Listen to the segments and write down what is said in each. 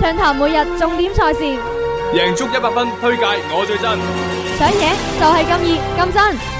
暢談每日重點賽事，贏足一百分，推介我最真，想贏就係咁易咁真。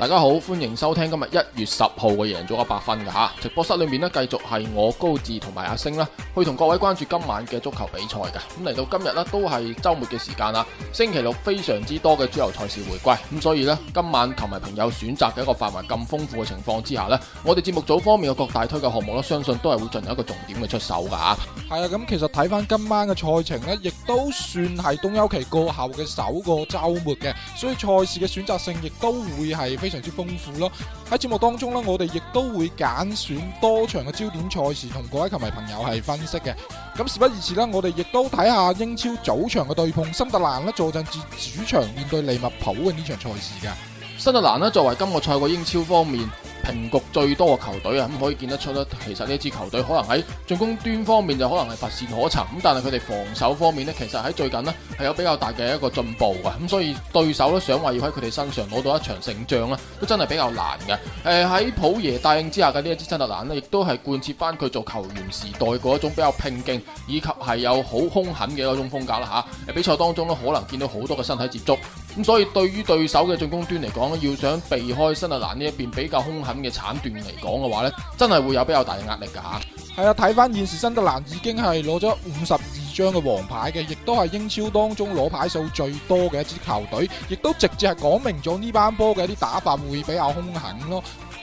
大家好，歡迎收聽今日一月十號嘅贏足 100FUN 嘅吓，直播室裏面咧繼續係我高志同埋阿星啦，去同各位關注今晚嘅足球比賽嘅。咁、嗯、嚟到今日咧都係周末嘅時間啦，星期六非常之多嘅主流賽事回歸，咁、嗯、所以咧今晚球迷朋友選擇嘅一個範圍咁豐富嘅情況之下咧，我哋節目組方面嘅各大推介項目咧，相信都係會進行一個重點嘅出手噶吓。係啊，咁其實睇翻今晚嘅賽程咧，亦都算係冬休期過後嘅首個周末嘅，所以賽事嘅選擇性亦都會係非。非常之豐富咯！喺節目當中咧，我哋亦都會揀選多場嘅焦點賽事，同各位球迷朋友係分析嘅。咁事不宜遲啦，我哋亦都睇下英超早場嘅對碰，新特蘭咧坐鎮至主場面對利物浦嘅呢場賽事嘅。新特蘭咧作為今個賽季英超方面。平局最多嘅球隊啊，咁、嗯、可以見得出啦。其實呢支球隊可能喺進攻端方面就可能係乏善可陳，咁但係佢哋防守方面呢，其實喺最近呢係有比較大嘅一個進步嘅，咁、嗯、所以對手都想話要喺佢哋身上攞到一場勝仗咧，都真係比較難嘅。誒、呃，喺普耶帶領之下嘅呢一支新特蘭呢，亦都係貫徹翻佢做球員時代嗰一種比較拼勁，以及係有好兇狠嘅嗰種風格啦吓、啊。比賽當中咧可能見到好多嘅身體接觸。咁所以對於對手嘅進攻端嚟講，要想避開新德蘭呢一邊比較兇狠嘅鏟斷嚟講嘅話呢，真係會有比較大嘅壓力噶吓。係啊，睇翻現時新德蘭已經係攞咗五十二張嘅黃牌嘅，亦都係英超當中攞牌數最多嘅一支球隊，亦都直接係講明咗呢班波嘅一啲打法會比較兇狠咯。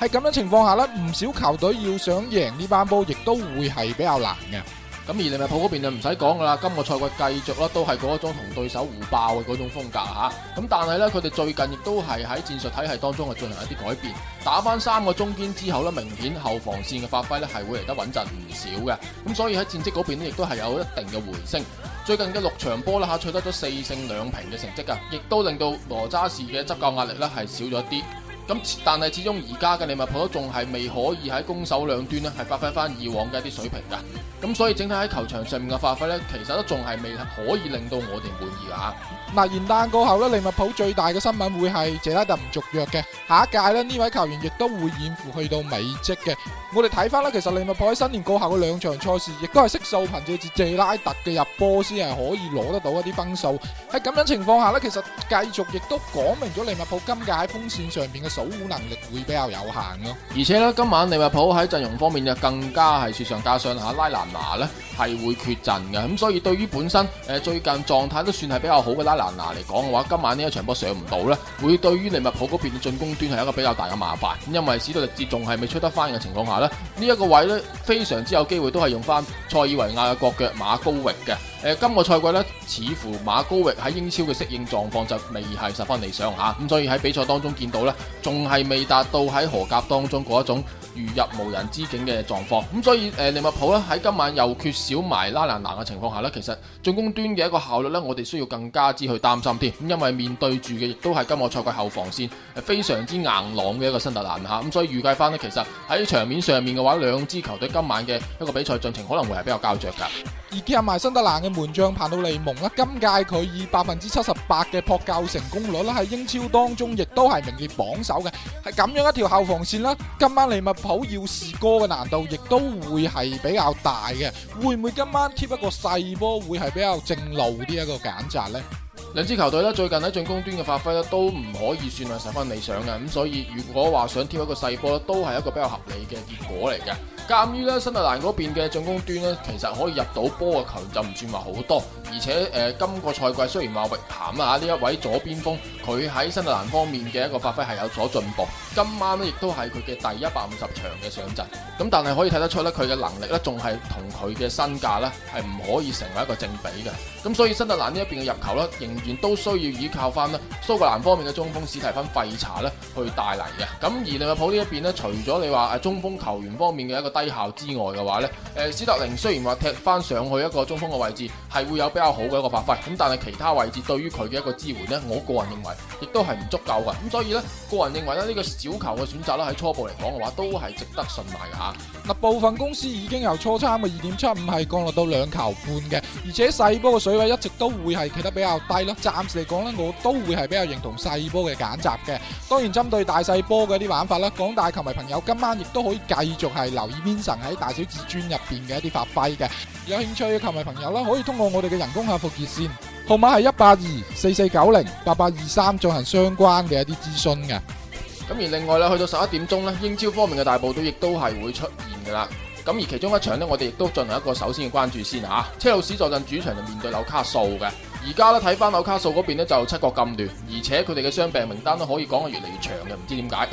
喺咁樣情況下呢，唔少球隊要想贏呢班波，亦都會係比較難嘅。咁而利物浦嗰邊就唔使講噶啦，今個賽季繼續啦，都係嗰種同對手互爆嘅嗰種風格吓。咁但係呢，佢哋最近亦都係喺戰術體系當中係進行一啲改變，打翻三個中堅之後呢，明顯後防線嘅發揮呢係會嚟得穩陣唔少嘅。咁所以喺戰績嗰邊亦都係有一定嘅回升。最近嘅六場波呢吓，取得咗四勝兩平嘅成績，亦都令到羅渣士嘅執教壓力呢係少咗啲。咁但係始終而家嘅利物浦都仲係未可以喺攻守兩端呢，係發揮翻以往嘅一啲水平㗎。咁所以整體喺球場上面嘅發揮呢，其實都仲係未可以令到我哋滿意嘅。嗱，元旦過後呢，利物浦最大嘅新聞會係謝拉特唔續約嘅。下一屆呢，呢位球員亦都會掩護去到美職嘅。我哋睇翻啦，其實利物浦喺新年過後嘅兩場賽事，亦都係悉數憑借住謝拉特嘅入波先係可以攞得到一啲分數。喺咁樣情況下呢，其實繼續亦都講明咗利物浦今屆喺鋒線上面嘅守護能力會比較有限咯。而且呢，今晚利物浦喺陣容方面就更加係雪上加霜吓，拉蘭拿呢係會缺陣嘅。咁所以對於本身誒、呃、最近狀態都算係比較好嘅拉蘭拿嚟講嘅話，今晚呢一場波上唔到呢，會對於利物浦嗰邊嘅進攻端係一個比較大嘅麻煩。因為史度力治仲係未出得翻嘅情況下。呢一個位咧，非常之有機會都係用翻塞爾維亞嘅國腳馬高域嘅。誒、呃，今個賽季咧似乎馬高域喺英超嘅適應狀況就未係十分理想吓，咁、啊、所以喺比賽當中見到咧仲係未達到喺荷甲當中嗰一種。如入無人之境嘅狀況，咁所以誒、呃、利物浦咧喺今晚又缺少埋拉蘭拿嘅情況下呢，其實進攻端嘅一個效率呢，我哋需要更加之去擔心添。咁因為面對住嘅亦都係今個賽季後防線係非常之硬朗嘅一個新特蘭嚇，咁所以預計翻呢，其實喺場面上面嘅話，兩支球隊今晚嘅一個比賽進程可能會係比較膠着㗎。而加埋新特蘭嘅門將彭杜利蒙咧，今屆佢以百分之七十八嘅撲救成功率咧，喺英超當中亦都係名列榜首嘅。係咁樣一條後防線啦，今晚利物浦。好要試波嘅難度亦都會係比較大嘅，會唔會今晚貼一個細波會係比較正路啲？一個揀擇呢兩支球隊咧最近喺進攻端嘅發揮咧都唔可以算係十分理想嘅，咁所以如果話想貼一個細波都係一個比較合理嘅結果嚟嘅。鑒於咧新特蘭嗰邊嘅進攻端咧，其實可以入到波嘅球，球員就唔算話好多。而且誒、呃，今個賽季雖然話域談啊呢一位左邊鋒，佢喺新特蘭方面嘅一個發揮係有所進步。今晚咧亦都係佢嘅第一百五十場嘅上陣，咁、嗯、但係可以睇得出咧，佢嘅能力咧仲係同佢嘅身價咧係唔可以成為一個正比嘅。咁、嗯、所以新特蘭呢一邊嘅入球咧，仍然都需要依靠翻咧蘇格蘭方面嘅中鋒史提芬費查咧去帶嚟嘅。咁、嗯、而利物浦這邊呢一邊咧，除咗你話誒中鋒球員方面嘅一個低效之外嘅話咧，誒、呃、史特寧雖然話踢翻上去一個中鋒嘅位置。係會有比較好嘅一個發揮，咁但係其他位置對於佢嘅一個支援呢，我個人認為亦都係唔足夠嘅，咁所以呢，個人認為咧呢、這個小球嘅選擇啦，喺初步嚟講嘅話都係值得信賴嘅吓。嗱，部分公司已經由初參嘅二點七五係降落到兩球半嘅，而且細波嘅水位一直都會係企得比較低咯。暫時嚟講呢，我都會係比較認同細波嘅揀擇嘅。當然，針對大細波嘅一啲玩法啦，廣大球迷朋友今晚亦都可以繼續係留意編神喺大小至尊入邊嘅一啲發揮嘅。有興趣嘅球迷朋友咧，可以通。我哋嘅人工客服熱線號碼係一八二四四九零八八二三，進行相關嘅一啲諮詢嘅。咁而另外啦，去到十一點鐘咧，英超方面嘅大部隊亦都係會出現噶啦。咁而其中一場呢，我哋亦都進行一個首先嘅關注先吓。車路士坐鎮主場就面對紐卡素嘅。而家咧睇翻紐卡素嗰邊呢，就七國咁亂，而且佢哋嘅傷病名單都可以講得越嚟越長嘅，唔知點解。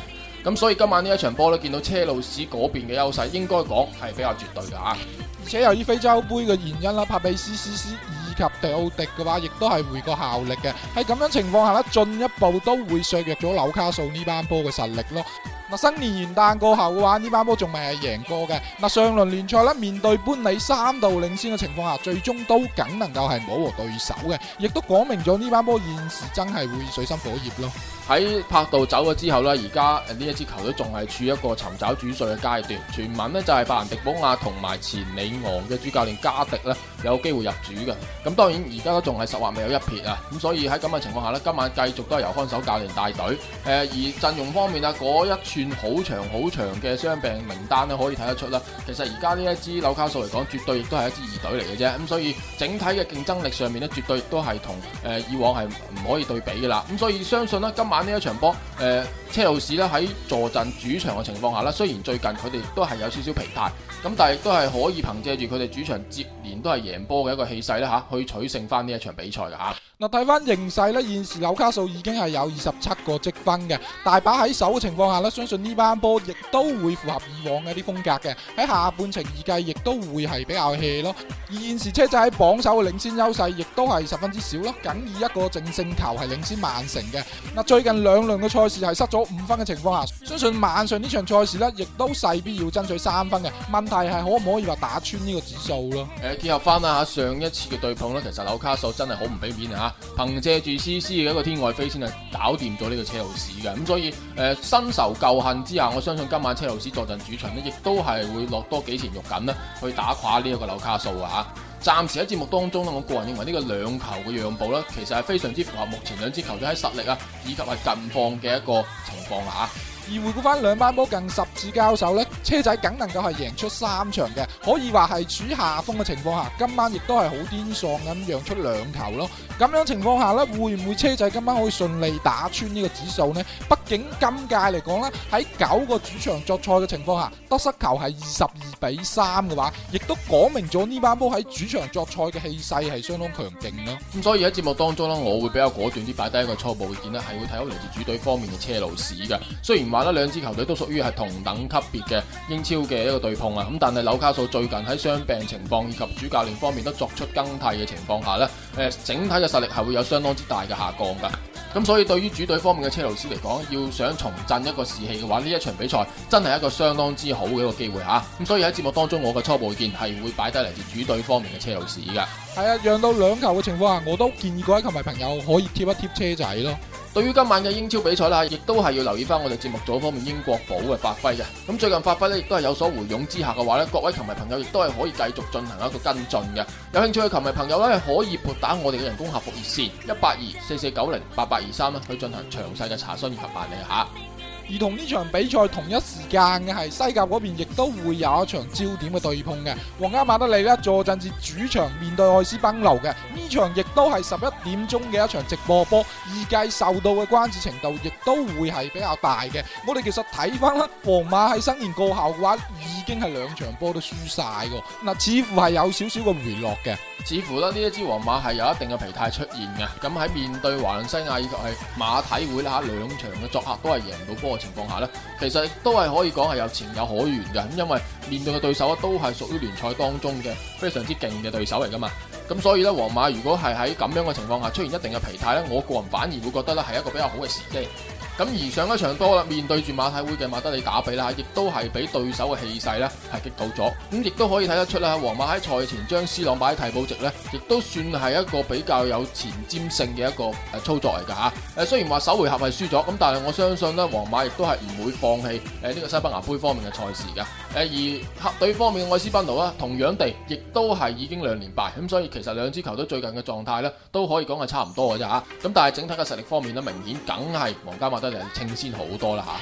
咁所以今晚呢一場波咧，見到車路士嗰邊嘅優勢，應該講係比較絕對㗎。而且由於非洲杯嘅原因啦，帕比斯斯斯以及迪奧迪嘅話，亦都係回過效力嘅。喺咁樣情況下啦，進一步都會削弱咗紐卡素呢班波嘅實力咯。嗱新年元旦過後嘅話，呢班波仲未係贏過嘅。嗱上輪聯賽咧，面對班尼三度領先嘅情況下，最終都僅能夠係冇和對手嘅，亦都講明咗呢班波現時真係會水深火熱咯。喺柏度走咗之後呢，而家呢一支球隊仲係處一個尋找主帥嘅階段。傳聞呢就係法蘭迪保亞同埋前里昂嘅主教練加迪呢，有機會入主嘅。咁當然而家都仲係實話未有一撇啊。咁所以喺咁嘅情況下呢，今晚繼續都係由看守教練帶隊。誒、呃、而陣容方面啊，嗰一串好長好長嘅傷病名單咧，可以睇得出啦。其實而家呢一支紐卡素嚟講，絕對亦都係一支二隊嚟嘅啫。咁所以整體嘅競爭力上面呢，絕對都係同誒以往係唔可以對比嘅啦。咁所以相信咧，今晚打呢一場波，誒、呃、車路士咧，喺坐鎮主場嘅情況下咧，雖然最近佢哋都係有少少疲態。咁但係亦都係可以憑借住佢哋主場接連都係贏波嘅一個氣勢咧吓，去取勝翻呢一場比賽嘅吓。嗱睇翻形勢呢現時紐卡素已經係有二十七個積分嘅，大把喺手嘅情況下呢相信呢班波亦都會符合以往嘅一啲風格嘅。喺下半程預計亦都會係比較 hea 咯。而現時車仔喺榜首嘅領先優勢亦都係十分之少囉，僅以一個淨勝球係領先曼城嘅。嗱最近兩輪嘅賽事係失咗五分嘅情況下，相信晚上呢場賽事呢亦都勢必要爭取三分嘅。但係可唔可以話打穿呢個指數咯？誒、呃，結合翻啦上一次嘅對碰咧，其實紐卡素真係好唔俾面啊！憑借住 C C 嘅一個天外飛仙啊，係搞掂咗呢個車路士嘅。咁所以誒，新、呃、仇舊恨之下，我相信今晚車路士坐陣主場咧，亦都係會落多幾錢肉緊啦，去打垮呢一個紐卡素啊！暫時喺節目當中咧，我個人認為這個兩呢個兩球嘅讓步咧，其實係非常之符合目前兩支球隊喺實力啊，以及係近況嘅一個情況啦、啊而回顧翻兩班波近十次交手咧，車仔梗能夠係贏出三場嘅，可以話係處下風嘅情況下，今晚亦都係好顛喪咁讓出兩球咯。咁樣的情況下咧，會唔會車仔今晚可以順利打穿呢個指數呢？畢竟今屆嚟講啦，喺九個主場作賽嘅情況下，得失球係二十二比三嘅話，亦都講明咗呢班波喺主場作賽嘅氣勢係相當強勁咯。咁、嗯、所以喺節目當中咧，我會比較果斷啲擺低一個初步嘅見啦，係會睇好嚟自主隊方面嘅車路史嘅。雖然兩支球隊都屬於係同等級別嘅英超嘅一個對碰啊，咁但係紐卡素最近喺傷病情況以及主教練方面都作出更替嘅情況下呢，誒整體嘅實力係會有相當之大嘅下降噶，咁所以對於主隊方面嘅車路士嚟講，要想重振一個士氣嘅話，呢一場比賽真係一個相當之好嘅一個機會吓，咁所以喺節目當中我嘅初步意見係會擺低嚟自主隊方面嘅車路士嘅。係啊，讓到兩球嘅情況下，我都建議各位球迷朋友可以貼一貼車仔咯。對於今晚嘅英超比賽啦，亦都係要留意翻我哋節目組方面英國寶嘅發揮嘅。咁最近發揮咧，亦都係有所回勇之下嘅話咧，各位球迷朋友亦都係可以繼續進行一個跟進嘅。有興趣嘅球迷朋友咧，可以撥打我哋嘅人工客服熱線一八二四四九零八八二三啦，23, 去進行詳細嘅查詢以及辦理吓。而同呢場比賽同一時間嘅係西甲嗰邊，亦都會有一場焦點嘅對碰嘅，皇家馬德里咧坐鎮至主場面對愛斯班奴嘅。呢場亦都係十一點鐘嘅一場直播波，預計受到嘅關注程度亦都會係比較大嘅。我哋其實睇翻啦，皇馬喺新年過後嘅話，已經係兩場波都輸晒嘅。嗱，似乎係有少少嘅回落嘅，似乎啦呢一支皇馬係有一定嘅疲態出現嘅。咁喺面對華倫西亞以及係馬體會啦吓，兩場嘅作客都係贏唔到波嘅情況下呢，其實都係可以講係有情有可原嘅，因為。面對嘅對手啊，都係屬於聯賽當中嘅非常之勁嘅對手嚟㗎嘛。咁所以咧，皇馬如果係喺咁樣嘅情況下出現一定嘅疲態咧，我個人反而會覺得咧係一個比較好嘅時機。咁而上一場波啦，面對住馬體會嘅馬德里打比啦，亦都係俾對手嘅氣勢咧係擊倒咗。咁亦都可以睇得出啦，皇馬喺賽前將 C 朗擺喺替補席咧，亦都算係一個比較有前瞻性嘅一個誒操作嚟㗎嚇。誒雖然話首回合係輸咗，咁但係我相信咧，皇馬亦都係唔會放棄誒呢個西班牙杯方面嘅賽事㗎。誒，而客隊方面，嘅愛斯賓奴啦，同樣地，亦都係已經兩連敗咁，所以其實兩支球隊最近嘅狀態咧，都可以講係差唔多嘅啫吓。咁但係整體嘅實力方面呢，明顯梗係皇家馬德里領先好多啦吓。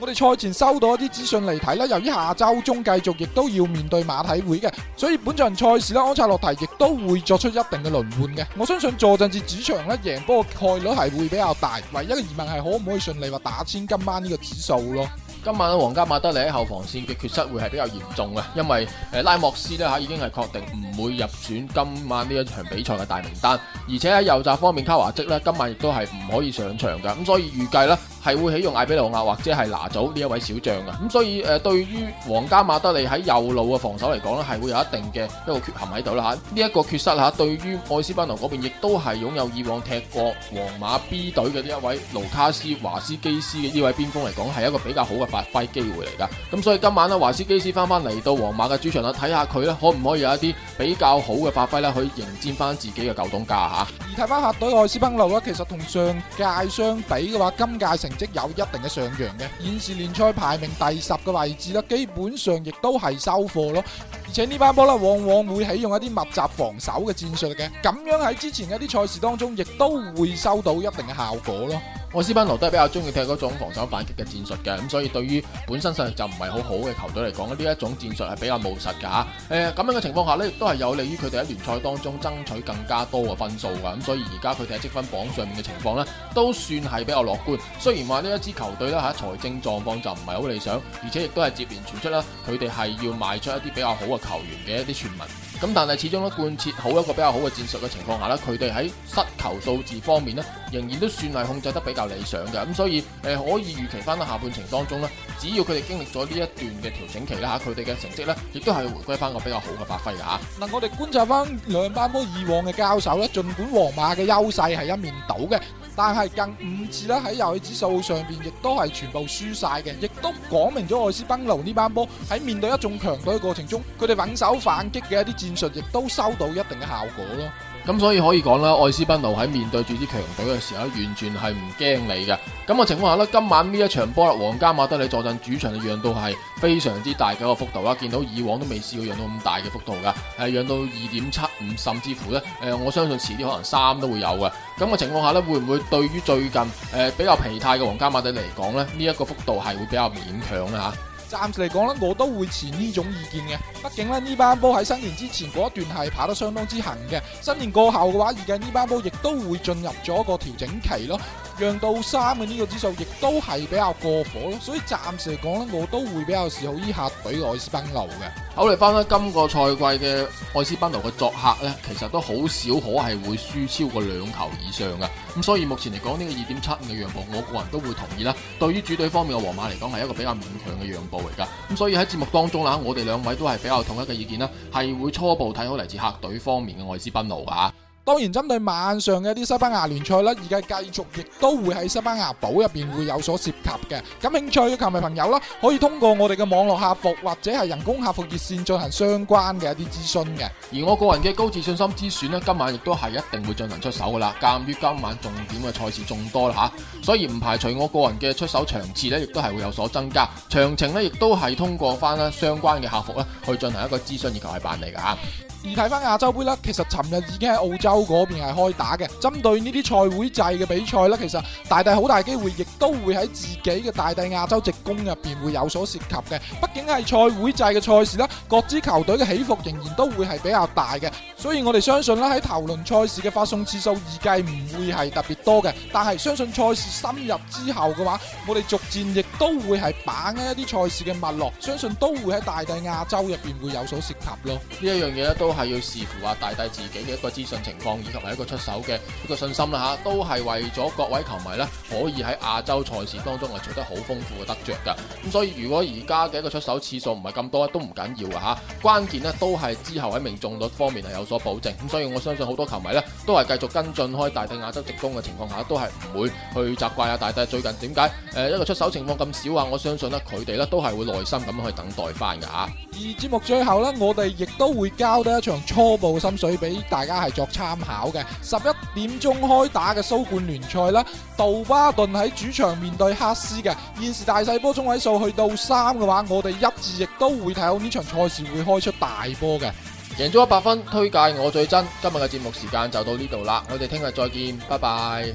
我哋賽前收到一啲資訊嚟睇啦，由於下周中繼續亦都要面對馬體會嘅，所以本場賽事呢，安察洛提亦都會作出一定嘅輪換嘅。我相信坐陣至主場呢，贏波嘅概率係會比較大，唯一嘅疑問係可唔可以順利話打穿今晚呢個指數咯。今晚皇家馬德里喺後防線嘅缺失會係比較嚴重嘅，因為拉莫斯已經係確定唔會入選今晚呢一場比賽嘅大名單，而且喺右閘方面，卡華積今晚亦都係唔可以上場㗎。咁所以預計呢，係會啟用艾比路亞或者係拿祖呢一位小將嘅，咁、嗯、所以誒、呃、對於皇家馬德里喺右路嘅防守嚟講咧，係會有一定嘅一個缺陷喺度啦。呢、這、一個缺失吓、啊，對於愛斯賓奴嗰邊亦都係擁有以往踢過皇馬 B 隊嘅呢一位盧卡斯華斯基斯嘅呢位邊鋒嚟講，係一個比較好嘅發揮機會嚟噶。咁、嗯、所以今晚咧，華斯基斯翻翻嚟到皇馬嘅主場啦，睇下佢咧可唔可以有一啲比較好嘅發揮咧，去迎戰翻自己嘅舊東家吓。啊、而睇翻客隊愛斯賓奴，咧，其實同上屆相比嘅話，今屆成，即有一定嘅上揚嘅，現時聯賽排名第十嘅位置咧，基本上亦都係收貨咯。而且呢班波啦，往往會起用一啲密集防守嘅戰術嘅，咁樣喺之前的一啲賽事當中，亦都會收到一定嘅效果咯。我斯班羅都係比較中意踢嗰種防守反擊嘅戰術嘅，咁所以對於本身實力就唔係好好嘅球隊嚟講，呢一種戰術係比較務實噶吓。誒、呃，咁樣嘅情況下呢，亦都係有利於佢哋喺聯賽當中爭取更加多嘅分數噶。咁所以而家佢哋喺積分榜上面嘅情況呢，都算係比較樂觀。雖然話呢一支球隊咧吓財政狀況就唔係好理想，而且亦都係接連傳出啦，佢哋係要賣出一啲比較好嘅球員嘅一啲傳聞。咁但係始終都貫徹好一個比較好嘅戰術嘅情況下咧，佢哋喺失球數字方面咧，仍然都算係控制得比較理想嘅。咁所以誒可以預期翻到下半程當中咧，只要佢哋經歷咗呢一段嘅調整期啦吓，佢哋嘅成績咧亦都係回歸翻個比較好嘅發揮噶吓。嗱，我哋觀察翻兩班波以往嘅交手咧，盡管皇馬嘅優勢係一面倒嘅。但係近五次咧喺遊戲指數上邊，亦都係全部輸晒嘅，亦都講明咗愛斯賓奴呢班波喺面對一眾強隊嘅過程中，佢哋穩守反擊嘅一啲戰術，亦都收到一定嘅效果咯。咁、嗯、所以可以講啦，愛斯賓奴喺面對住啲強隊嘅時候，完全係唔驚你嘅。咁嘅情況下呢，今晚呢一場波啦，皇家馬德里坐鎮主場嘅讓到係非常之大嘅一個幅度啦，見到以往都未試過讓到咁大嘅幅度噶，係、啊、讓到二點七五，甚至乎呢，誒、啊，我相信遲啲可能三都會有嘅。咁嘅情況下呢，會唔會對於最近誒、啊、比較疲態嘅皇家馬德里嚟講呢呢一、這個幅度係會比較勉強啦吓？啊。暫時嚟講咧，我都會持呢種意見嘅。畢竟咧，呢班波喺新年之前嗰一段係跑得相當之行嘅。新年過後嘅話，而家呢班波亦都會進入咗一個調整期咯。讓到三嘅呢個指數亦都係比較過火咯。所以暫時嚟講呢，我都會比較看好呢客隊的愛斯班奴嘅。好嚟翻啦，今個賽季嘅愛斯賓奴嘅作客呢，其實都好少可係會輸超過兩球以上嘅。咁所以目前嚟講呢個二點七五嘅讓步，我個人都會同意啦。對於主隊方面嘅皇馬嚟講，係一個比較勉強嘅讓步嚟噶。咁所以喺節目當中啦，我哋兩位都係比較統一嘅意見啦，係會初步睇好嚟自客隊方面嘅愛斯賓奴噶。當然，針對晚上嘅一啲西班牙聯賽啦，而家繼續亦都會喺西班牙寶入邊會有所涉及嘅。感興趣嘅球迷朋友啦，可以通過我哋嘅網絡客服或者係人工客服熱線進行相關嘅一啲諮詢嘅。而我個人嘅高自信心之選咧，今晚亦都係一定會進行出手噶啦。鑒於今晚重點嘅賽事眾多啦吓，所以唔排除我個人嘅出手場次咧，亦都係會有所增加。詳情呢，亦都係通過翻啦相關嘅客服啦，去進行一個諮詢以及係辦理嘅吓。而睇翻亞洲杯啦，其實尋日已經喺澳洲嗰邊係開打嘅。針對呢啲賽會制嘅比賽咧，其實大帝好大機會亦都會喺自己嘅大帝亞洲直攻入邊會有所涉及嘅。畢竟係賽會制嘅賽事啦，各支球隊嘅起伏仍然都會係比較大嘅。所以我哋相信啦，喺頭輪賽事嘅發送次數預計唔會係特別多嘅。但係相信賽事深入之後嘅話，我哋逐漸亦都會係把握一啲賽事嘅脈絡，相信都會喺大帝亞洲入邊會有所涉及咯。呢一樣嘢都。都係要視乎啊大帝自己嘅一個資訊情況，以及埋一個出手嘅一個信心啦吓，都係為咗各位球迷咧，可以喺亞洲賽事當中係取得好豐富嘅得着噶。咁所以如果而家嘅一個出手次數唔係咁多都唔緊要啊吓，關鍵咧都係之後喺命中率方面係有所保證。咁所以我相信好多球迷咧都係繼續跟進開大帝亞洲直攻嘅情況下，都係唔會去責怪啊大帝最近點解誒一個出手情況咁少啊？我相信咧佢哋咧都係會耐心咁去等待翻噶吓。而節目最後呢，我哋亦都會交得。場初步心水俾大家係作參考嘅，十一點鐘開打嘅蘇冠聯賽啦，杜巴頓喺主場面對黑斯嘅現時大細波中位數去到三嘅話，我哋一致亦都會睇好呢場賽事會開出大波嘅。贏足 100FUN，推介我最真，今日嘅節目時間就到呢度啦，我哋聽日再見，拜拜。